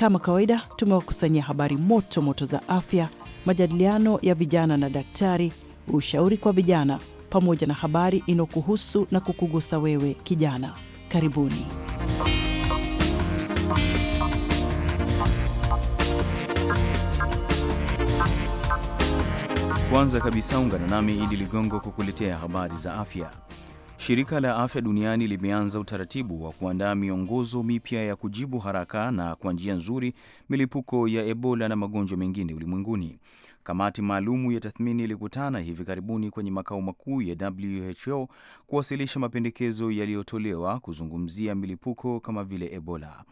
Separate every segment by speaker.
Speaker 1: Kama kawaida, tumewakusanyia habari moto moto za afya, majadiliano ya vijana na daktari, ushauri kwa vijana, pamoja na habari inayokuhusu na kukugusa wewe kijana. Karibuni.
Speaker 2: Kwanza kabisa ungana nami Idi Ligongo kukuletea habari za afya. Shirika la Afya Duniani limeanza utaratibu wa kuandaa miongozo mipya ya kujibu haraka na kwa njia nzuri milipuko ya Ebola na magonjwa mengine ulimwenguni. Kamati maalumu ya tathmini ilikutana hivi karibuni kwenye makao makuu ya WHO kuwasilisha mapendekezo yaliyotolewa kuzungumzia milipuko kama vile Ebola.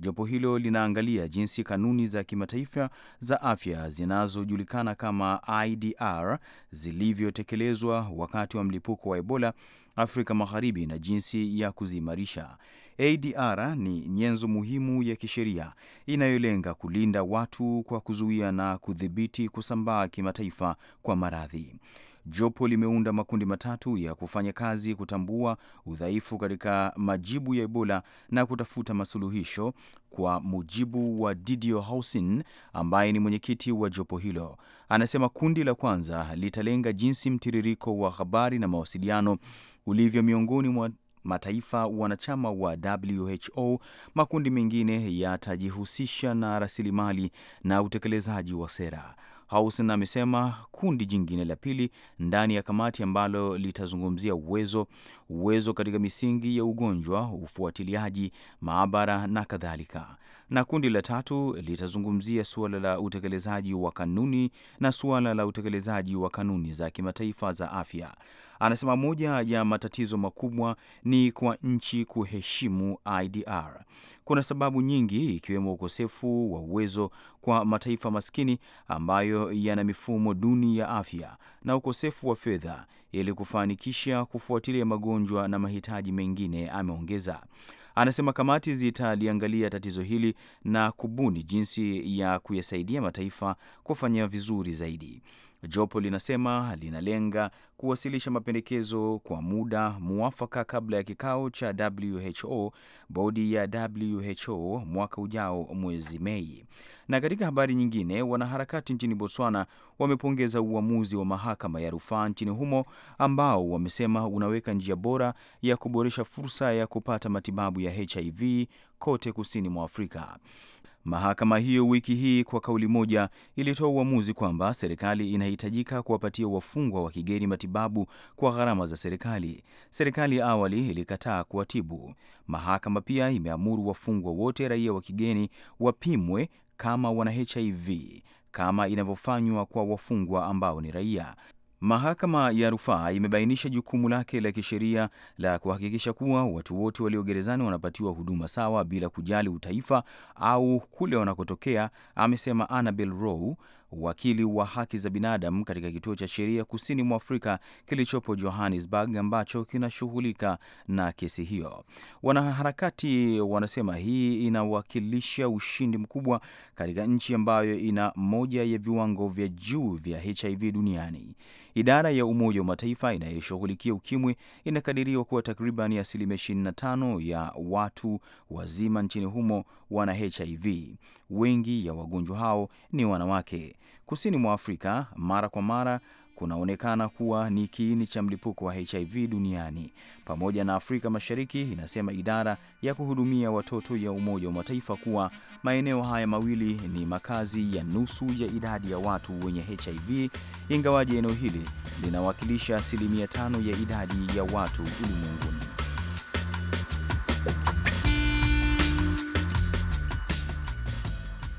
Speaker 2: Jopo hilo linaangalia jinsi kanuni za kimataifa za afya zinazojulikana kama IDR zilivyotekelezwa wakati wa mlipuko wa Ebola Afrika Magharibi na jinsi ya kuziimarisha. ADR ni nyenzo muhimu ya kisheria inayolenga kulinda watu kwa kuzuia na kudhibiti kusambaa kimataifa kwa maradhi. Jopo limeunda makundi matatu ya kufanya kazi kutambua udhaifu katika majibu ya Ebola na kutafuta masuluhisho, kwa mujibu wa Didio hausin ambaye ni mwenyekiti wa jopo hilo. Anasema kundi la kwanza litalenga jinsi mtiririko wa habari na mawasiliano ulivyo miongoni mwa mataifa wanachama wa WHO. Makundi mengine yatajihusisha na rasilimali na utekelezaji wa sera hausen amesema kundi jingine la pili ndani ya kamati ambalo litazungumzia uwezo uwezo katika misingi ya ugonjwa, ufuatiliaji, maabara na kadhalika, na kundi la tatu litazungumzia suala la utekelezaji wa kanuni na suala la utekelezaji wa kanuni za kimataifa za afya. Anasema moja ya matatizo makubwa ni kwa nchi kuheshimu IDR. Kuna sababu nyingi ikiwemo ukosefu wa uwezo kwa mataifa maskini ambayo yana mifumo duni ya afya na ukosefu wa fedha ili kufanikisha kufuatilia magonjwa na mahitaji mengine, ameongeza. Anasema kamati zitaliangalia tatizo hili na kubuni jinsi ya kuyasaidia mataifa kufanya vizuri zaidi. Jopo linasema linalenga kuwasilisha mapendekezo kwa muda muafaka kabla ya kikao cha WHO bodi ya WHO mwaka ujao mwezi Mei. Na katika habari nyingine, wanaharakati nchini Botswana wamepongeza uamuzi wa mahakama ya rufaa nchini humo ambao wamesema unaweka njia bora ya kuboresha fursa ya kupata matibabu ya HIV kote kusini mwa Afrika. Mahakama hiyo wiki hii kwa kauli moja ilitoa uamuzi kwamba serikali inahitajika kuwapatia wafungwa wa kigeni matibabu kwa gharama za serikali. Serikali awali ilikataa kuwatibu. Mahakama pia imeamuru wafungwa wote raia wa kigeni wapimwe kama wana HIV kama inavyofanywa kwa wafungwa ambao ni raia. Mahakama ya rufaa imebainisha jukumu lake la kisheria la kuhakikisha kuwa watu wote walio gerezani wanapatiwa huduma sawa bila kujali utaifa au kule wanakotokea, amesema Annabel Row, wakili wa haki za binadamu katika kituo cha sheria kusini mwa Afrika kilichopo Johannesburg ambacho kinashughulika na kesi hiyo. Wanaharakati wanasema hii inawakilisha ushindi mkubwa katika nchi ambayo ina moja ya viwango vya juu vya HIV duniani. Idara ya Umoja wa Mataifa inayoshughulikia ukimwi inakadiriwa kuwa takriban asilimia 25 ya watu wazima nchini humo wana HIV. Wengi ya wagonjwa hao ni wanawake. Kusini mwa Afrika, mara kwa mara kunaonekana kuwa ni kiini cha mlipuko wa HIV duniani pamoja na Afrika Mashariki, inasema idara ya kuhudumia watoto ya Umoja wa Mataifa kuwa maeneo haya mawili ni makazi ya nusu ya idadi ya watu wenye HIV, ingawaji eneo hili linawakilisha asilimia tano ya idadi ya watu ulimwenguni.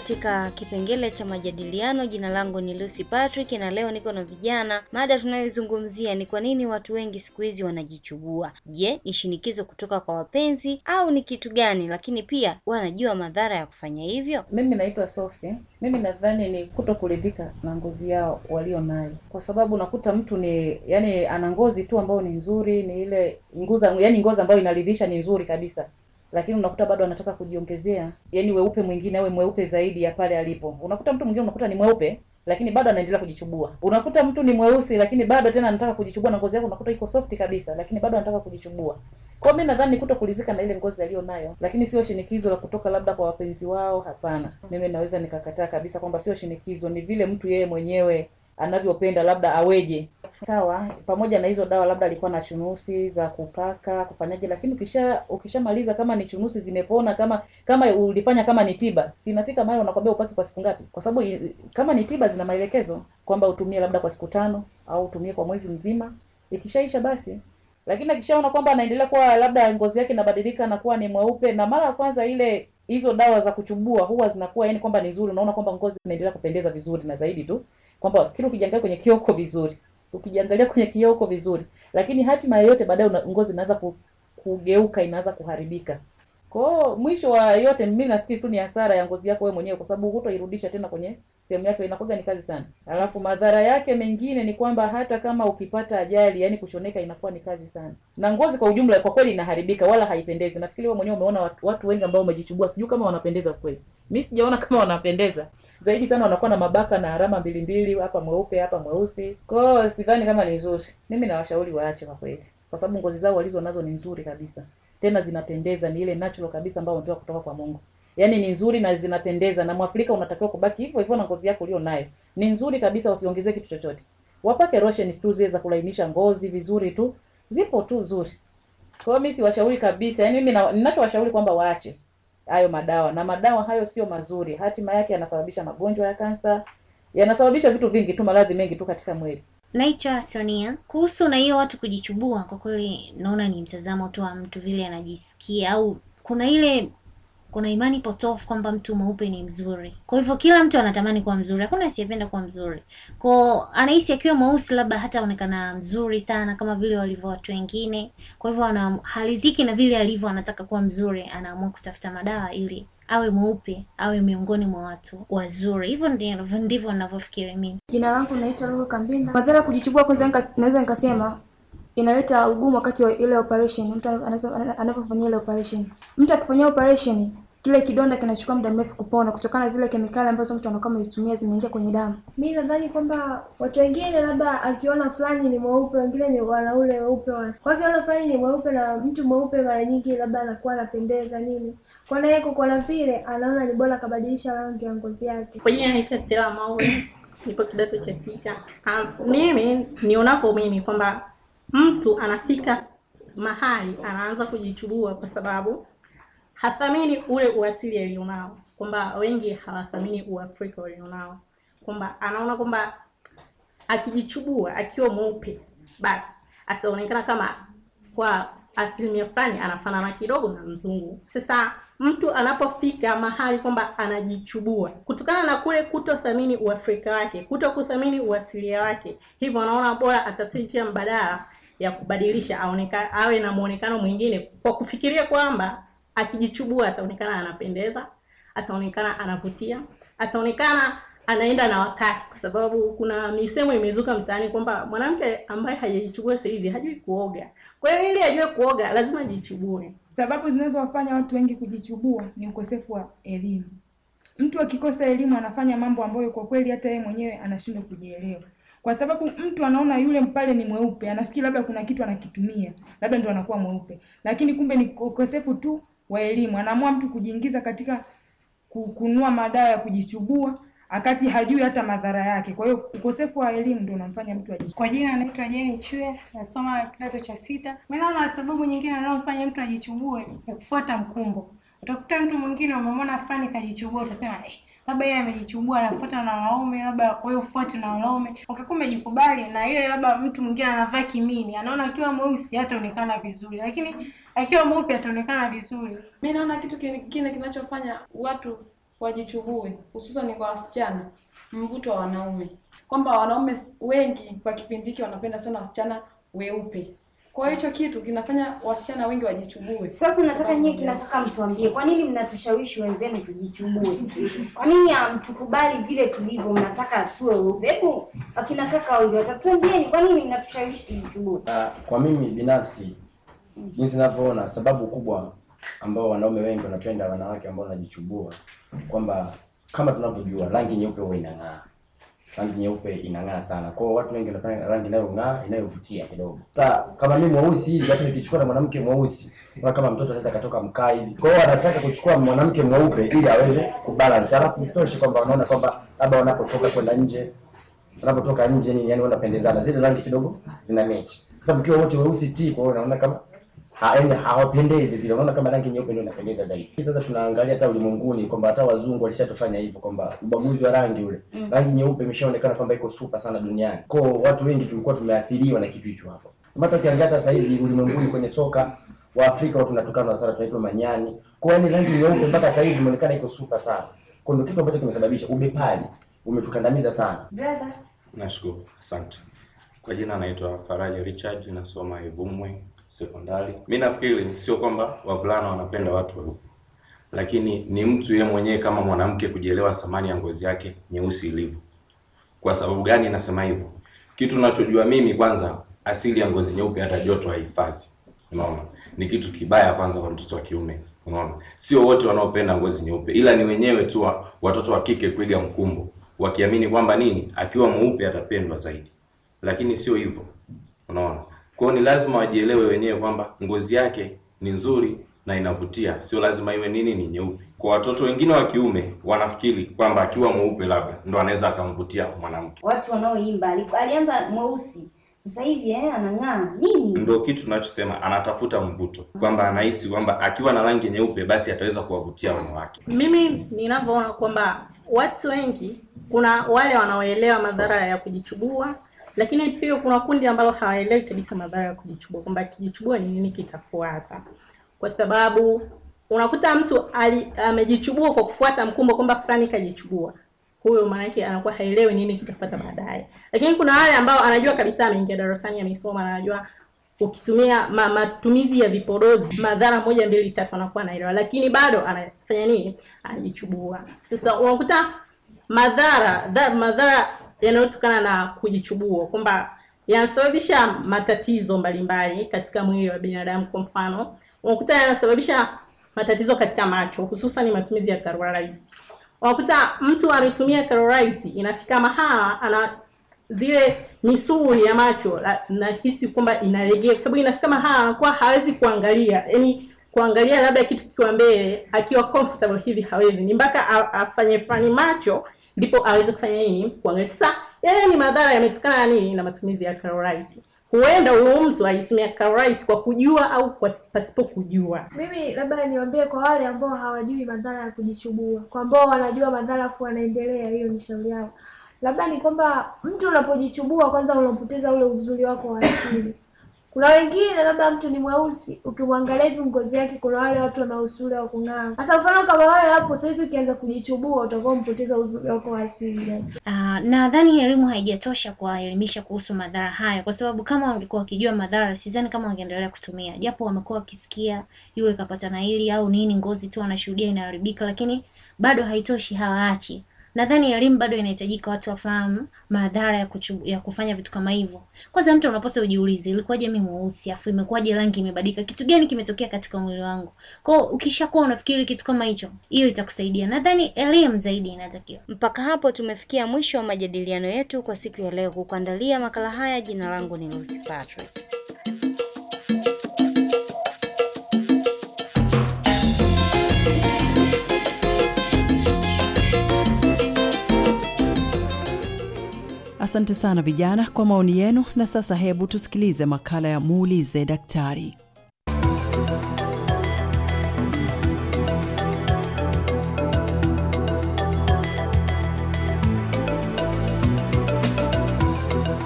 Speaker 3: katika kipengele cha majadiliano. Jina langu ni Lucy Patrick na leo niko na vijana. Mada tunayozungumzia ni kwa nini watu wengi siku hizi wanajichubua. Je, ni shinikizo kutoka kwa wapenzi au ni kitu gani? Lakini pia wanajua madhara ya kufanya hivyo. Mimi naitwa Sophie. Mimi nadhani ni kuto kuridhika
Speaker 4: na ngozi yao walio nayo, kwa sababu unakuta mtu ni yani ana ngozi tu ambayo ni nzuri, ni ile nguza, yani ngozi ambayo inaridhisha, ni nzuri kabisa lakini unakuta bado anataka kujiongezea, yani weupe mwingine awe mweupe zaidi ya pale alipo. Unakuta mtu mwingine unakuta ni mweupe lakini bado anaendelea kujichubua. Unakuta mtu ni mweusi lakini bado tena anataka kujichubua, na ngozi yake unakuta iko soft kabisa, lakini bado anataka kujichubua. Kwa mimi nadhani kuto kulizika na ile ngozi aliyo nayo, lakini sio shinikizo la kutoka labda kwa wapenzi wao. Hapana, mimi naweza nikakataa kabisa kwamba sio shinikizo, ni vile mtu yeye mwenyewe anavyopenda labda aweje. Sawa, pamoja na hizo dawa labda alikuwa na chunusi za kupaka kufanyaje, lakini ukisha ukishamaliza kama ni chunusi zimepona, kama kama ulifanya kama ni tiba, si inafika mahali unakwambia upaki kwa siku ngapi, kwa sababu kama ni tiba zina maelekezo kwamba utumie labda kwa siku tano au utumie kwa mwezi mzima. Ikishaisha basi lakini akishaona kwamba anaendelea kuwa labda ngozi yake inabadilika na kuwa ni mweupe, na mara ya kwanza ile hizo dawa za kuchubua huwa zinakuwa yani kwamba ni nzuri, unaona kwamba ngozi inaendelea kupendeza vizuri na zaidi tu kwamba kile ukijiangalia kwenye kioko vizuri, ukijiangalia kwenye kioko vizuri, lakini hatima yeyote baadaye ngozi inaanza kugeuka, inaanza kuharibika. Kwa mwisho wa yote mimi nafikiri tu ni hasara ya ngozi yako wewe mwenyewe kwa sababu hutoirudisha tena kwenye sehemu yako inakuwa ni kazi sana. Alafu madhara yake mengine ni kwamba hata kama ukipata ajali, yani kushoneka inakuwa ni kazi sana. Na ngozi kwa ujumla kwa kweli inaharibika wala haipendezi. Nafikiri wewe mwenyewe umeona watu wengi ambao wamejichubua, sijui kama wanapendeza kweli. Mimi sijaona kama wanapendeza. Zaidi sana wanakuwa na mabaka na alama mbili mbili, hapa mweupe, hapa mweusi. Kwa hiyo sidhani kama ni nzuri. Mimi nawashauri waache kwa kweli. Kwa sababu ngozi zao walizo nazo ni nzuri kabisa tena zinapendeza, ni ile natural kabisa ambayo unatoka kutoka kwa Mungu. Yaani ni nzuri na zinapendeza, na Mwafrika unatakiwa kubaki hivyo hivyo na ngozi yako ulio nayo ni nzuri kabisa, usiongezee kitu chochote. Wapake lotion tu zile za kulainisha ngozi vizuri tu, zipo tu nzuri. Kwa hiyo mimi siwashauri kabisa, yaani mimi ninachowashauri kwamba waache hayo madawa, na madawa hayo sio mazuri, hatima yake yanasababisha magonjwa ya kansa, yanasababisha vitu vingi tu, maradhi mengi tu katika mwili.
Speaker 3: Naitwa Sonia. Kuhusu na hiyo watu kujichubua, kwa kweli naona ni mtazamo tu wa mtu vile anajisikia, au kuna ile kuna imani potofu kwamba mtu mweupe ni mzuri. Kwa hivyo kila mtu anatamani kuwa mzuri, hakuna asiyependa kuwa mzuri. Kwa anahisi akiwa mweusi labda hataonekana mzuri sana kama vile walivyo watu wengine. Kwa hivyo anahaliziki haliziki na vile alivyo, anataka kuwa mzuri, anaamua kutafuta madawa ili awe mweupe, awe miongoni mwa watu wazuri. Hivyo ndivyo ndivyo ninavyofikiri mimi.
Speaker 5: Jina langu naitwa Luka Kambinda. Madhara kujichubua, kwanza naweza nikasema inaleta ugumu wakati wa ile operation, mtu anapofanyia ile operation. Mtu akifanyia operation kile kidonda kinachukua muda mrefu kupona kutokana na zile kemikali ambazo mtu anakuwa amezitumia zimeingia kwenye damu. Mimi nadhani kwamba watu wengine labda akiona fulani ni mweupe, wengine ni wana ule weupe wana. Kwa hiyo akiona fulani ni mweupe na mtu mweupe mara nyingi labda anakuwa anapendeza nini. Kwa na naye kwa na vile anaona ni bora kabadilisha rangi ya ngozi yake. Kwenye naitwa Stella
Speaker 6: Maua. Nipo kidato cha sita. Um, mimi nionapo mimi kwamba mtu anafika mahali anaanza kujichubua kwa sababu hathamini ule uasili alionao, kwamba wengi hawathamini uafrika walionao, kwamba anaona kwamba akijichubua akiwa mweupe basi ataonekana kama kwa asilimia fulani anafanana kidogo na mzungu. Sasa mtu anapofika mahali kwamba anajichubua kutokana na kule kutothamini uafrika wake, kuto kuthamini uasilia wake, hivyo anaona bora atafute njia mbadala ya kubadilisha aoneka, awe na muonekano mwingine, kwa kufikiria kwamba akijichubua ataonekana anapendeza, ataonekana anavutia, ataonekana anaenda na wakati, kwa sababu kuna misemo imezuka mtaani kwamba mwanamke ambaye hajajichubua saa hizi hajui kuoga.
Speaker 4: Kwa hiyo ili ajue kuoga lazima ajichubue. Sababu zinazowafanya watu wengi kujichubua ni ukosefu wa elimu. Mtu akikosa elimu anafanya mambo ambayo kwa kweli hata yeye mwenyewe anashindwa kujielewa kwa sababu mtu anaona yule mpale ni mweupe, anafikiri labda kuna kitu anakitumia, labda ndio anakuwa mweupe, lakini kumbe ni ukosefu tu wa elimu. Anaamua mtu kujiingiza katika kununua madawa ya kujichubua akati hajui hata madhara yake. Kwa hiyo ukosefu wa elimu ndio unamfanya mtu ajichubue. Kwa jina
Speaker 7: naitwa Jenny
Speaker 4: Chue, nasoma kidato cha
Speaker 8: sita. Mimi naona sababu nyingine anayomfanya mtu ajichubue ni kufuata mkumbo. Utakuta mtu mwingine umemwona fulani kajichubua, utasema eh, labda yeye amejichubua anafuata na wanaume, labda wewe ufuate na wanaume. Ukakuwa umejikubali na ile, labda mtu mwingine anavaa kimini, anaona akiwa mweusi hataonekana vizuri, lakini akiwa mweupe ataonekana vizuri. Mimi naona kitu kingine kinachofanya watu wajichubue, hususan kwa wasichana, mvuto wa wanaume, kwamba wanaume wengi kwa kipindi hiki wanapenda sana wasichana weupe. Kwa hicho kitu kinafanya wasichana wengi wajichubue. Sasa nataka nyie kina kaka mtuambie, kwa nini
Speaker 3: mnatushawishi wenzenu tujichubue? Kwa nini hamtukubali vile tulivyo, mnataka tuwe weupe? Hebu akina kaka wengi watatuambieni, kwa nini mnatushawishi tujichubue? Uh,
Speaker 9: kwa mimi binafsi jinsi ninavyoona, sababu kubwa ambao wanaume wengi wanapenda wanawake ambao wanajichubua kwamba kama tunavyojua rangi nyeupe huwa inang'aa rangi nyeupe inang'aa sana. Kwa hiyo watu wengi wanataka rangi inayong'aa, inayovutia kidogo. Sasa kama mimi mweusi hivi, hata nikichukua na mwanamke mweusi, kama kama mtoto sasa katoka mkaa hivi. Kwa hiyo anataka kuchukua mwanamke mweupe ili aweze kubalance. Alafu isitoshe kwamba wanaona kwamba labda wanapotoka kwenda nje, wanapotoka nje nini, yani wanapendezana. Zile rangi kidogo zina mechi. Kwa sababu ukiwa wote weusi ti, kwa hiyo unaona kama yaani hawapendezi vile. Unaona kama rangi nyeupe ndio inapendeza zaidi. Sasa tunaangalia hata ulimwenguni kwamba hata wazungu walishatufanya hivyo kwamba ubaguzi wa rangi ule. Mm. Rangi nyeupe imeshaonekana kwamba iko super sana duniani. Kwa watu wengi tulikuwa tumeathiriwa na kitu hicho hapo. Hata ukiangalia hata sasa hivi ulimwenguni kwenye soka wa Afrika watu tunatukana sana, tunaitwa manyani. Kwa hiyo rangi nyeupe mpaka sasa hivi imeonekana iko super sana. Kwa ndio kitu ambacho kimesababisha ubepari umetukandamiza sana. Brother, nashukuru. Asante. Kwa jina anaitwa Faraja Richard, nasoma Ibumwe sekondari. Mi nafikiri sio kwamba wavulana wanapenda watu weupe, lakini ni mtu yeye mwenyewe kama mwanamke kujielewa thamani ya ngozi yake nyeusi ilivyo. Kwa sababu gani nasema hivyo? Kitu nachojua mimi kwanza, asili ya ngozi nyeupe hata joto haihifadhi. Unaona, ni kitu kibaya kwanza kwa mtoto wa kiume. Unaona, sio wote wanaopenda ngozi nyeupe, ila ni wenyewe tu watoto wa kike kuiga mkumbo, wakiamini kwamba nini, akiwa mweupe atapendwa zaidi, lakini sio hivyo. Kwa ni lazima wajielewe wenyewe kwamba ngozi yake ni nzuri na inavutia, sio lazima iwe nini ni nyeupe. Kwa watoto wengine wa kiume wanafikiri kwamba akiwa mweupe labda ndo anaweza akamvutia
Speaker 3: mwanamke. Watu wanaoimba alianza mweusi sasa hivi eh, anang'aa nini?
Speaker 9: Ndio kitu tunachosema, anatafuta mvuto, kwamba anahisi kwamba akiwa na rangi nyeupe basi ataweza kuwavutia
Speaker 6: wanawake. Mimi ninavyoona kwamba watu wengi, kuna wale wanaoelewa madhara ya kujichubua lakini pia kuna kundi ambalo hawaelewi kabisa madhara ya kujichubua, kwamba kijichubua ni nini kitafuata, kwa sababu unakuta mtu amejichubua kwa kufuata mkumbo kwamba fulani kajichubua, huyo maana anakuwa haelewi nini kitafuata baadaye. Lakini kuna wale ambao anajua kabisa, ameingia darasani, amesoma, anajua ukitumia ma, matumizi ya vipodozi madhara moja mbili tatu, anakuwa anaelewa, lakini bado anafanya nini? Anajichubua. Sasa unakuta madhara madhara yanayotokana na kujichubua kwamba yanasababisha matatizo mbalimbali mbali katika mwili wa binadamu. Kwa mfano, unakuta yanasababisha matatizo katika macho, hususan matumizi ya chloride. Unakuta mtu ametumia chloride, inafika mahala ana zile misuli ya macho nahisi kwamba inalegea, kwa sababu inafika mahala anakuwa hawezi kuangalia, yani kuangalia labda kitu kikiwa mbele akiwa comfortable hivi hawezi, ni mpaka afanye fani macho ndipo aweze kufanya nini kuangalia sasa yale ni madhara yametokana nini na matumizi ya karite huenda huyu mtu alitumia karite kwa kujua au kwa pasipo kujua
Speaker 5: mimi labda niwaambie kwa wale ambao hawajui madhara ya kujichubua kwa ambao wanajua madhara afu wanaendelea hiyo ni shauri yao labda ni kwamba mtu unapojichubua kwanza unapoteza ule uzuri wako wa asili kuna wengine labda mtu ni mweusi, ukimwangalia hivi ngozi yake, kuna wale watu wana usuli wa kung'aa. Sasa mfano kama wale hapo
Speaker 8: sasa ukianza kujichubua utakuwa mpoteza
Speaker 3: uzuri wako wa asili. Uh, nadhani elimu haijatosha kuwaelimisha kuhusu madhara haya, kwa sababu kama wangekuwa wakijua madhara, sidhani kama wangeendelea kutumia, japo wamekuwa wakisikia yule kapata na hili au nini, ngozi tu anashuhudia inaharibika, lakini bado haitoshi, hawaachi nadhani elimu bado inahitajika, watu wafahamu madhara ya, ya kufanya vitu kama hivyo. Kwanza mtu unaposa ujiulize, ilikuwaje mi mweusi afu imekuwaje rangi imebadilika? Kitu gani kimetokea katika mwili wangu? Kwao ukishakuwa unafikiri kitu kama hicho, hiyo itakusaidia. Nadhani elimu zaidi inatakiwa. Mpaka hapo tumefikia mwisho wa majadiliano yetu kwa siku ya leo. Kukuandalia makala haya, jina langu ni Lucy Patrick.
Speaker 1: Asante sana vijana kwa maoni yenu. Na sasa hebu tusikilize makala ya muulize daktari.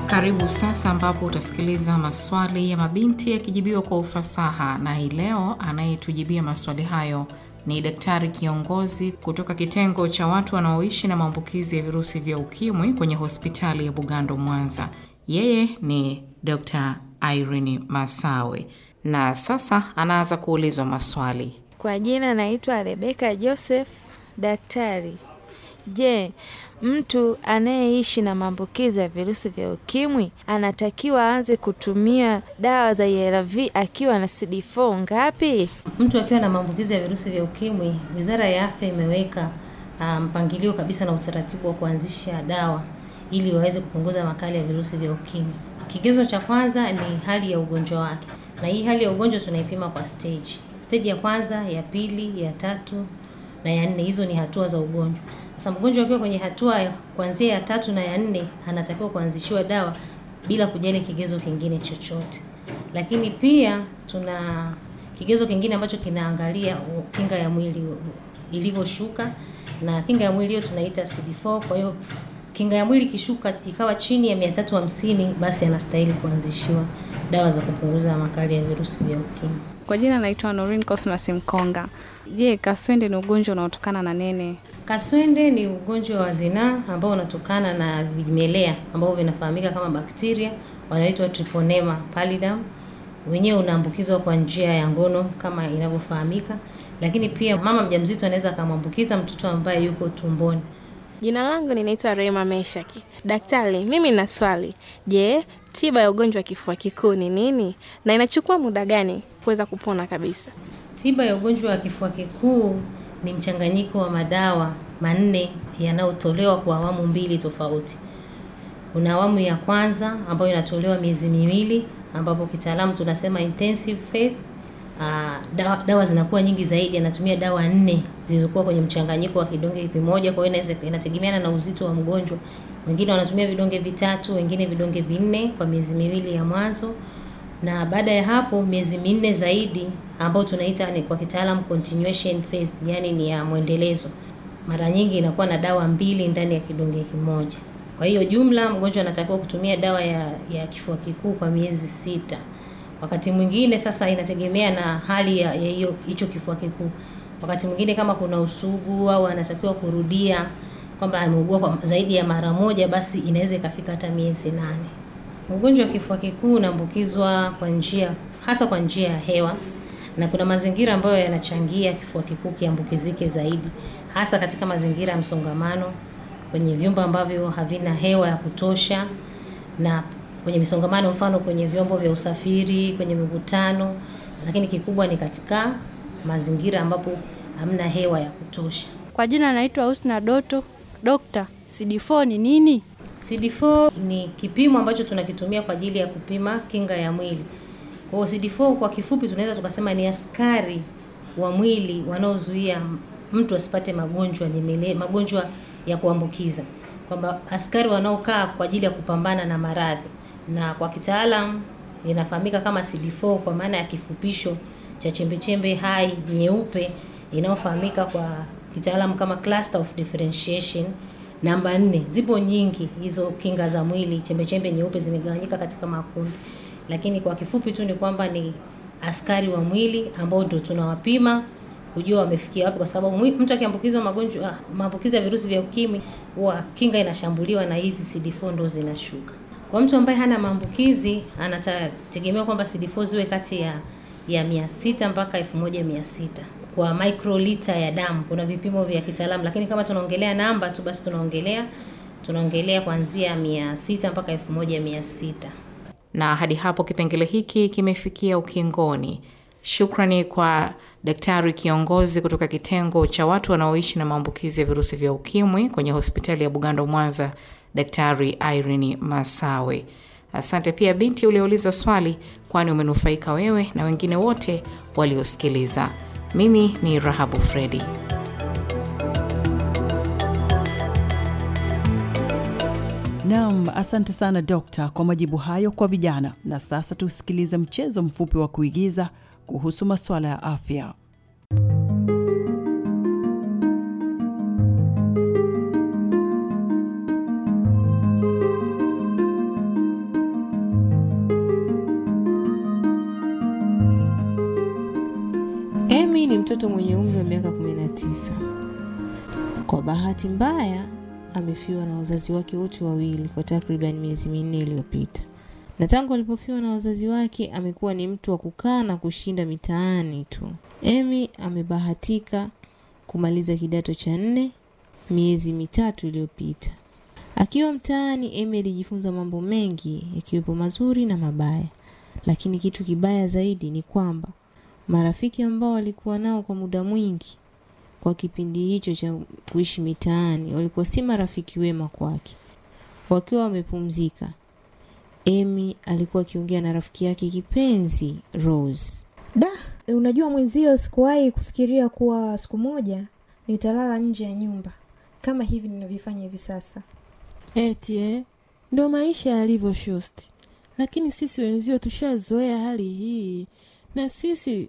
Speaker 10: Karibu sasa, ambapo utasikiliza maswali ya mabinti yakijibiwa kwa ufasaha, na hii leo anayetujibia maswali hayo ni daktari kiongozi kutoka kitengo cha watu wanaoishi na maambukizi ya virusi vya ukimwi kwenye hospitali ya Bugando Mwanza. Yeye ni Dr. Irene Masawe na sasa anaanza kuulizwa maswali.
Speaker 11: Kwa jina naitwa Rebeka Joseph, daktari Je, mtu anayeishi na maambukizi ya virusi vya ukimwi anatakiwa aanze kutumia dawa za ARV e akiwa na CD4 ngapi? Mtu akiwa na maambukizi ya virusi vya ukimwi, Wizara ya Afya imeweka ah, mpangilio um, kabisa na utaratibu wa kuanzisha dawa ili waweze kupunguza makali ya virusi vya ukimwi. Kigezo cha kwanza ni hali ya ugonjwa wake, na hii hali ya ugonjwa tunaipima kwa stage. Stage ya kwanza, ya pili, ya tatu na ya nne. Hizo ni hatua za ugonjwa. Sasa mgonjwa akiwa kwenye hatua ya kuanzia ya tatu na ya nne anatakiwa kuanzishiwa dawa bila kujali kigezo kingine chochote. Lakini pia tuna kigezo kingine ambacho kinaangalia kinga ya mwili ilivyoshuka, na kinga ya mwili hiyo tunaita CD4. Kwa hiyo kinga ya mwili ikishuka ikawa chini ya 350 basi anastahili kuanzishiwa dawa za kupunguza makali ya virusi vya ukimwi.
Speaker 12: Kwa jina naitwa Norin Cosmas Mkonga. Je, kaswende ni ugonjwa unaotokana na nene? Kaswende ni
Speaker 11: ugonjwa wa zinaa ambao unatokana na vimelea ambao vinafahamika kama bakteria, wanaitwa Treponema pallidum. Wenyewe unaambukizwa kwa njia ya ngono kama inavyofahamika, lakini pia mama mjamzito anaweza akamwambukiza mtoto ambaye yuko tumboni.
Speaker 8: Jina langu ninaitwa Rema Meshaki. Daktari, mimi na swali. Je, tiba ya ugonjwa wa kifua kikuu ni nini na inachukua
Speaker 11: muda gani kuweza kupona kabisa? Tiba ya ugonjwa wa kifua kikuu ni mchanganyiko wa madawa manne yanayotolewa kwa awamu mbili tofauti. Kuna awamu ya kwanza ambayo inatolewa miezi miwili, ambapo kitaalamu tunasema intensive phase Uh, dawa, dawa zinakuwa nyingi zaidi, anatumia dawa nne zilizokuwa kwenye mchanganyiko wa kidonge kimoja. Kwa hiyo inaweza inategemeana na uzito wa mgonjwa. Wengine wanatumia vidonge vitatu, wengine vidonge vinne kwa miezi miwili ya mwanzo, na baada ya hapo miezi minne zaidi, ambayo tunaita ni kwa kitaalamu continuation phase, yani ni ya mwendelezo, mara nyingi inakuwa na dawa mbili ndani ya kidonge kimoja. Kwa hiyo jumla mgonjwa anatakiwa kutumia dawa ya, ya kifua kikuu kwa miezi sita. Wakati mwingine sasa inategemea na hali ya hiyo hicho kifua kikuu. Wakati mwingine kama kuna usugu au anatakiwa kurudia kwamba ameugua kwa zaidi ya mara moja, basi inaweza ikafika hata miezi nane. Ugonjwa wa kifua kikuu unaambukizwa kwa njia hasa kwa njia ya hewa, na kuna mazingira ambayo yanachangia kifua kikuu kiambukizike zaidi, hasa katika mazingira ya msongamano, kwenye vyumba ambavyo havina hewa ya kutosha na kwenye misongamano, mfano kwenye vyombo vya usafiri, kwenye mikutano, lakini kikubwa ni katika mazingira ambapo hamna hewa ya kutosha.
Speaker 8: Kwa jina naitwa Husna Doto. Dokta, CD4 ni nini?
Speaker 11: CD4 ni kipimo ambacho tunakitumia kwa ajili ya kupima kinga ya mwili. Kwa CD4 kwa kifupi tunaweza tukasema ni askari wa mwili wanaozuia mtu asipate magonjwa nyemele, magonjwa ya kuambukiza, kwamba askari wanaokaa kwa ajili ya kupambana na maradhi na kwa kitaalam inafahamika kama CD4 kwa maana ya kifupisho cha chembechembe hai nyeupe inayofahamika kwa kitaalam kama cluster of differentiation namba nne. Zipo nyingi hizo kinga za mwili, chembechembe nyeupe zimegawanyika katika makundi, lakini kwa kifupi tu ni kwamba ni askari wa mwili ambao ndio tunawapima kujua wamefikia wapi, kwa sababu mtu akiambukizwa magonjwa ah, maambukizi ya virusi vya ukimwi, huwa kinga inashambuliwa na hizi CD4 ndo zinashuka. Kwa mtu ambaye hana maambukizi anategemewa kwamba CD4 ziwe kati ya ya 600 mpaka 1600 kwa microliter ya damu. Kuna vipimo vya kitaalamu, lakini kama tunaongelea namba tu, basi tunaongelea tunaongelea kuanzia 600 mpaka 1600.
Speaker 10: Na hadi hapo kipengele hiki kimefikia ukingoni. Shukrani kwa daktari kiongozi kutoka kitengo cha watu wanaoishi na maambukizi ya virusi vya ukimwi kwenye hospitali ya Bugando Mwanza, Daktari Irene Masawe. Asante pia binti uliouliza swali, kwani umenufaika wewe na wengine wote waliosikiliza. Mimi ni Rahabu Fredi.
Speaker 1: Naam, asante sana dokta kwa majibu hayo kwa vijana. Na sasa tusikilize mchezo mfupi wa kuigiza kuhusu masuala ya afya.
Speaker 12: Emi ni mtoto mwenye umri wa miaka 19. Kwa bahati mbaya amefiwa na wazazi wake wote wawili kwa takriban miezi minne iliyopita na tangu alipofiwa na wazazi wake amekuwa ni mtu wa kukaa na kushinda mitaani tu. Emi amebahatika kumaliza kidato cha nne miezi mitatu iliyopita. Akiwa mtaani, Emi alijifunza mambo mengi yakiwepo mazuri na mabaya, lakini kitu kibaya zaidi ni kwamba marafiki ambao walikuwa nao kwa muda mwingi kwa kipindi hicho cha kuishi mitaani walikuwa si marafiki wema kwake. Wakiwa wamepumzika Amy alikuwa akiongea na rafiki yake kipenzi Rose.
Speaker 5: Da, unajua mwenzio, sikuwahi kufikiria kuwa siku moja nitalala nje ya nyumba kama hivi ninavyofanya hivi sasa.
Speaker 8: Eti eh, ndio maisha yalivyo shosti, lakini sisi wenzio tushazoea hali hii, na sisi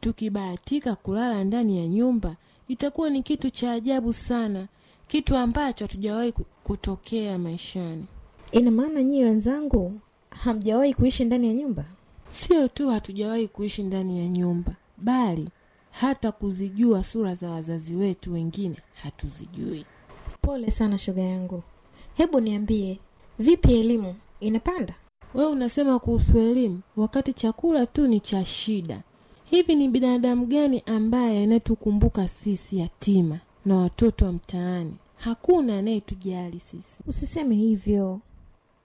Speaker 8: tukibahatika kulala ndani ya nyumba itakuwa ni kitu cha ajabu sana, kitu ambacho hatujawahi kutokea maishani. Ina maana nyinyi wenzangu hamjawahi kuishi ndani ya nyumba? Sio tu hatujawahi kuishi ndani ya nyumba, bali hata kuzijua sura za wazazi wetu wengine hatuzijui. Pole sana shoga yangu. Hebu niambie, vipi elimu inapanda? We unasema kuhusu elimu wakati chakula tu ni cha shida. Hivi ni binadamu gani ambaye anayetukumbuka sisi yatima na watoto wa mtaani? Hakuna anayetujali sisi. Usiseme hivyo.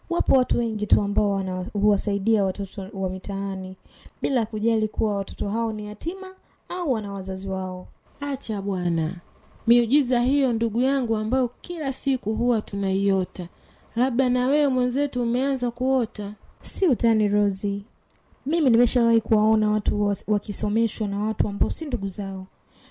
Speaker 5: Wapo watu wengi tu ambao huwasaidia watoto wa mitaani bila
Speaker 8: kujali kuwa watoto hao ni yatima au wana wazazi wao. Acha bwana, miujiza hiyo ndugu yangu, ambayo kila siku huwa tunaiota, labda na wewe mwenzetu umeanza kuota. Si utani Rozi, mimi nimeshawahi
Speaker 5: kuwaona watu wakisomeshwa na watu ambao si ndugu zao,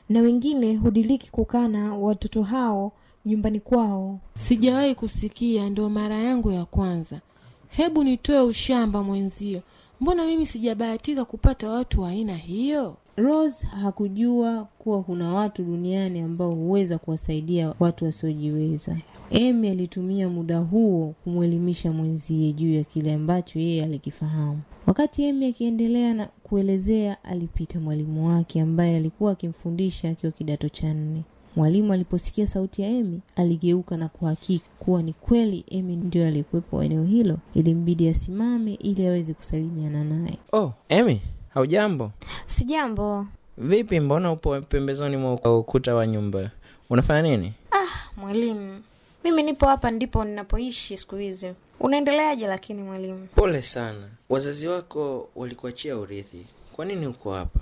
Speaker 5: na wengine hudiliki kukaa
Speaker 8: na watoto hao nyumbani kwao. Sijawahi kusikia, ndio mara yangu ya kwanza. Hebu nitoe ushamba mwenzio, mbona mimi sijabahatika kupata
Speaker 12: watu wa aina hiyo? Rose hakujua kuwa kuna watu duniani ambao huweza kuwasaidia watu wasiojiweza. Amy alitumia muda huo kumwelimisha mwenzie juu ya kile ambacho yeye alikifahamu. Wakati Amy akiendelea na kuelezea, alipita mwalimu wake ambaye alikuwa akimfundisha akiwa kidato cha nne. Mwalimu aliposikia sauti ya Emi aligeuka na kuhakiki kuwa ni kweli Emi ndio aliyekuwepo eneo hilo. Ilimbidi asimame ili aweze kusalimiana naye.
Speaker 9: Oh, Emi,
Speaker 13: haujambo?
Speaker 5: Sijambo.
Speaker 13: Vipi, mbona upo pembezoni mwa ukuta wa nyumba, unafanya nini?
Speaker 5: Ah, mwalimu, mimi nipo hapa, ndipo ninapoishi siku hizi. Unaendeleaje lakini mwalimu?
Speaker 13: Pole sana, wazazi wako walikuachia urithi, kwa nini uko hapa?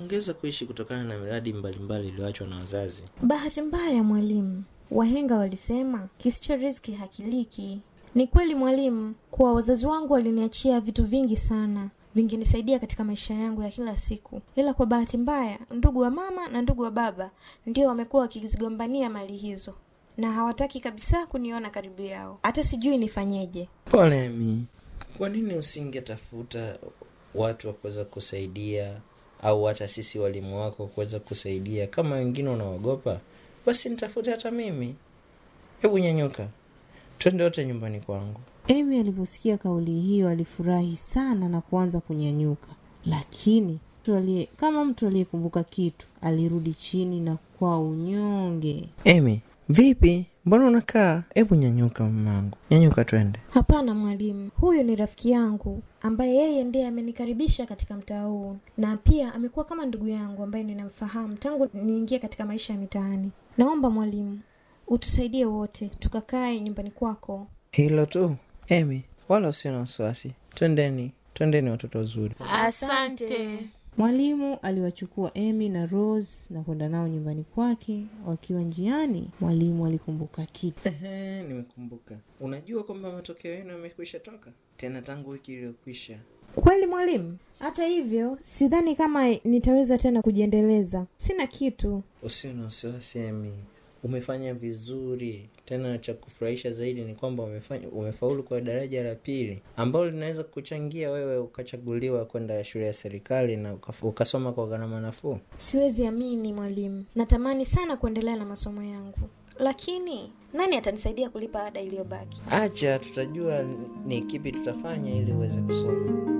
Speaker 13: ungeweza kuishi kutokana na miradi mbalimbali iliyoachwa na wazazi.
Speaker 5: Bahati mbaya, mwalimu, wahenga walisema kisicho riski hakiliki. Ni kweli mwalimu, kuwa wazazi wangu waliniachia vitu vingi sana vingenisaidia katika maisha yangu ya kila siku, ila kwa bahati mbaya, ndugu wa mama na ndugu wa baba ndio wamekuwa wakizigombania mali hizo na hawataki kabisa kuniona karibu yao. Hata sijui nifanyeje.
Speaker 13: Pole Mi, kwa nini usingetafuta watu wa kuweza kusaidia au hata sisi walimu wako kuweza kusaidia. Kama wengine unaogopa, basi nitafute hata mimi. Hebu nyanyuka, twende wote nyumbani kwangu.
Speaker 12: Emi aliposikia kauli hiyo alifurahi sana na kuanza kunyanyuka, lakini kama mtu aliyekumbuka kitu alirudi chini na kwa unyonge.
Speaker 13: Emi, Vipi, mbona unakaa? Hebu nyanyuka mmangu nyanyuka twende.
Speaker 5: Hapana mwalimu, huyu ni rafiki yangu ambaye yeye ndiye amenikaribisha katika mtaa huu na pia amekuwa kama ndugu yangu ambaye ninamfahamu tangu niingie katika maisha ya mitaani. Naomba mwalimu utusaidie wote tukakae nyumbani kwako.
Speaker 13: Hilo tu Emi, wala usio na wasiwasi. Twendeni, twendeni watoto wazuri.
Speaker 12: Asante. Mwalimu aliwachukua emi na Rose na kwenda nao nyumbani kwake. Wakiwa njiani, mwalimu alikumbuka kitu. Ehe,
Speaker 13: nimekumbuka. Unajua kwamba matokeo yenu yamekwisha toka tena tangu wiki iliyokwisha.
Speaker 12: Kweli mwalimu? Hata hivyo,
Speaker 5: sidhani kama nitaweza tena kujiendeleza. Sina kitu.
Speaker 13: Usio na wasiwasi umefanya vizuri. Tena cha kufurahisha zaidi ni kwamba umefaulu kwa daraja la pili ambalo linaweza kuchangia wewe ukachaguliwa kwenda shule ya serikali na ukasoma kwa gharama nafuu.
Speaker 5: Siwezi amini mwalimu, natamani sana kuendelea na masomo yangu lakini nani atanisaidia kulipa ada iliyobaki?
Speaker 13: Acha tutajua ni kipi tutafanya ili uweze kusoma.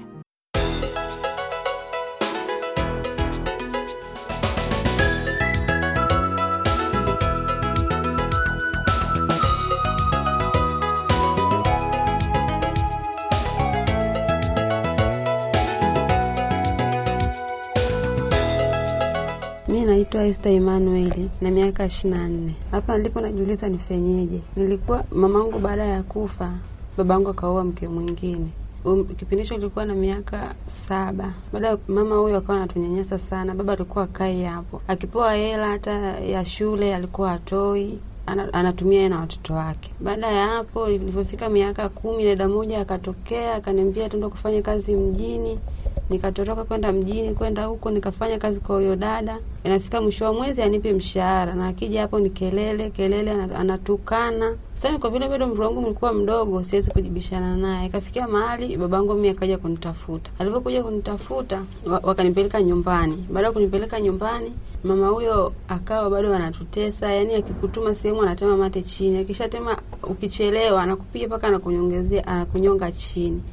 Speaker 7: Naitwa Esta Emmanuel na miaka 24. Hapa nilipo najiuliza nifenyeje. Nilikuwa mamangu baada ya kufa, babangu akaoa mke mwingine. Um, kipindi hicho nilikuwa na miaka saba. Baada ya mama huyo akawa anatunyanyasa sana, baba alikuwa akai hapo, Akipoa hela hata ya shule alikuwa atoi anatumia na watoto wake. Baada ya hapo, nilipofika miaka kumi, dada moja akatokea akaniambia tuende kufanya kazi mjini nikatoroka kwenda mjini kwenda huko nikafanya kazi kwa huyo dada. Inafika mwisho wa mwezi anipe mshahara, na akija hapo ni kelele kelele, anatukana. Sasa kwa vile bado umri wangu mlikuwa mdogo, siwezi kujibishana naye. Ikafikia mahali babangu mimi akaja kunitafuta. Alipokuja kunitafuta, wakanipeleka nyumbani. Baada ya kunipeleka nyumbani, mama huyo akawa bado anatutesa. yani akikutuma sehemu anatema mate chini, akishatema ukichelewa anakupiga mpaka anakunyongezea, anakunyonga chini.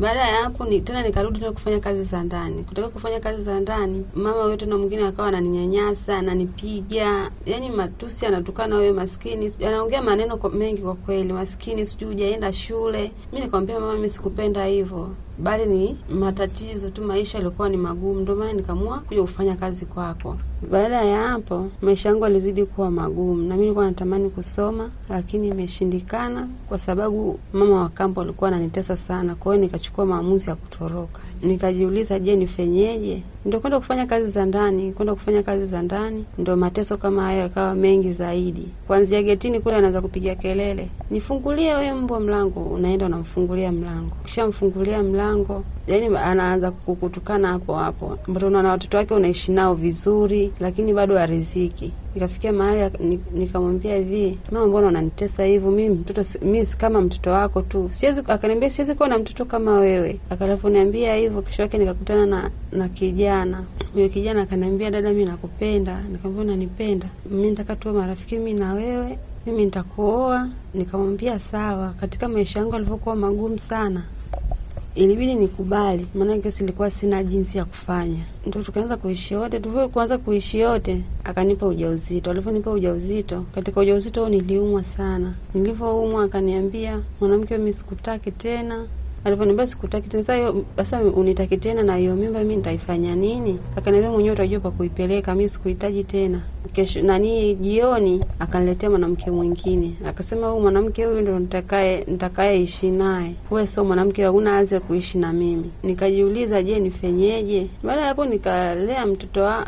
Speaker 7: Baada ya hapo ni tena nikarudi tena kufanya kazi za ndani. Kutaka kufanya kazi za ndani, mama huyo tena mwingine akawa ananinyanyasa, ananipiga, yaani matusi, anatukana wewe maskini, anaongea maneno mengi kwa kweli, maskini, sijui hujaenda shule. Mimi nikamwambia mama, mimi sikupenda hivyo bali ni matatizo tu, maisha yalikuwa ni magumu, ndio maana nikaamua kuja kufanya kazi kwako. Baada ya hapo, maisha yangu yalizidi kuwa magumu, na mimi nilikuwa natamani kusoma, lakini imeshindikana kwa sababu mama wa kampo alikuwa ananitesa sana. Kwa hiyo nikachukua maamuzi ya kutoroka, nikajiuliza, je, nifenyeje? ndo kwenda kufanya kazi za ndani, kwenda kufanya kazi za ndani, ndo mateso kama hayo yakawa mengi zaidi. Kuanzia getini kule anaanza kupiga kelele, nifungulie wewe mbwa mlango. Unaenda unamfungulia mlango, ukishamfungulia mlango, yani anaanza kukutukana hapo hapo, ambapo unaona watoto wake unaishi nao vizuri, lakini bado hariziki. Nikafikia mahali nikamwambia hivi, mama, mbona unanitesa hivi? Mimi mtoto mi kama mtoto wako tu, siwezi. Akaniambia siwezi kuwa na mtoto kama wewe. Akalafu niambia hivyo, kesho yake nikakutana na na kijana kijana. Huyo kijana akaniambia, dada, mi nakupenda. Nikamwambia, unanipenda? Mi nataka tuwe marafiki mi na wewe, mimi nitakuoa. Nikamwambia sawa. Katika maisha yangu alivyokuwa magumu sana ilibidi nikubali, maanake silikuwa sina jinsi ya kufanya. Ndo tukaanza kuishi wote. Tulivyoanza kuishi yote, akanipa ujauzito. Alivyonipa ujauzito, katika ujauzito huo niliumwa sana. Nilivyoumwa akaniambia, mwanamke, mi sikutaki tena, alivyoniambia sikutaki tena. Sasa sasa unitaki tena na hiyo mimba, mimi nitaifanya nini? Akaniambia mwenyewe utajua pa kuipeleka, mimi sikuhitaji tena. Kesho nani jioni akaniletea mwanamke mwingine, akasema huyu mwanamke huyu ndo nitakaye nitakaye ishi naye, wewe sio mwanamke, hakuna aze kuishi na mimi. Nikajiuliza, je, nifenyeje? Baada ya hapo nikalea mtoto wa,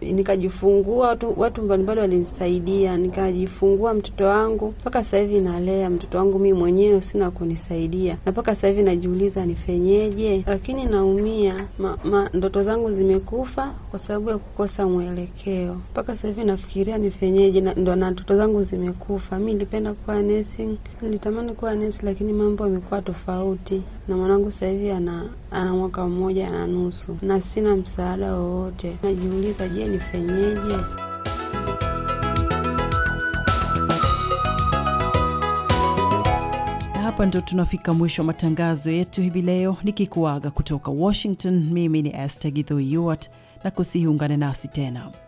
Speaker 7: nikajifungua. Watu, watu mbalimbali walinisaidia, nikajifungua mtoto wangu mpaka sasa hivi nalea mtoto wangu mimi mwenyewe, sina kunisaidia na mpaka sasa hivi najiuliza nifenyeje, lakini naumia ma, ma, ndoto zangu zimekufa kwa sababu ya kukosa mwelekeo. Mpaka sasa hivi nafikiria nifenyeje na, ndo na ndoto zangu zimekufa. Mi nilipenda kuwa nesi, nilitamani kuwa nesi, lakini mambo yamekuwa tofauti na mwanangu sasa hivi ana ana mwaka mmoja na nusu na sina msaada wowote. Najiuliza, je, nifenyeje?
Speaker 1: hapa ndo tunafika mwisho wa matangazo yetu hivi leo, nikikuaga kutoka Washington. Mimi ni este Githo Yuart, na kusihiungane nasi tena.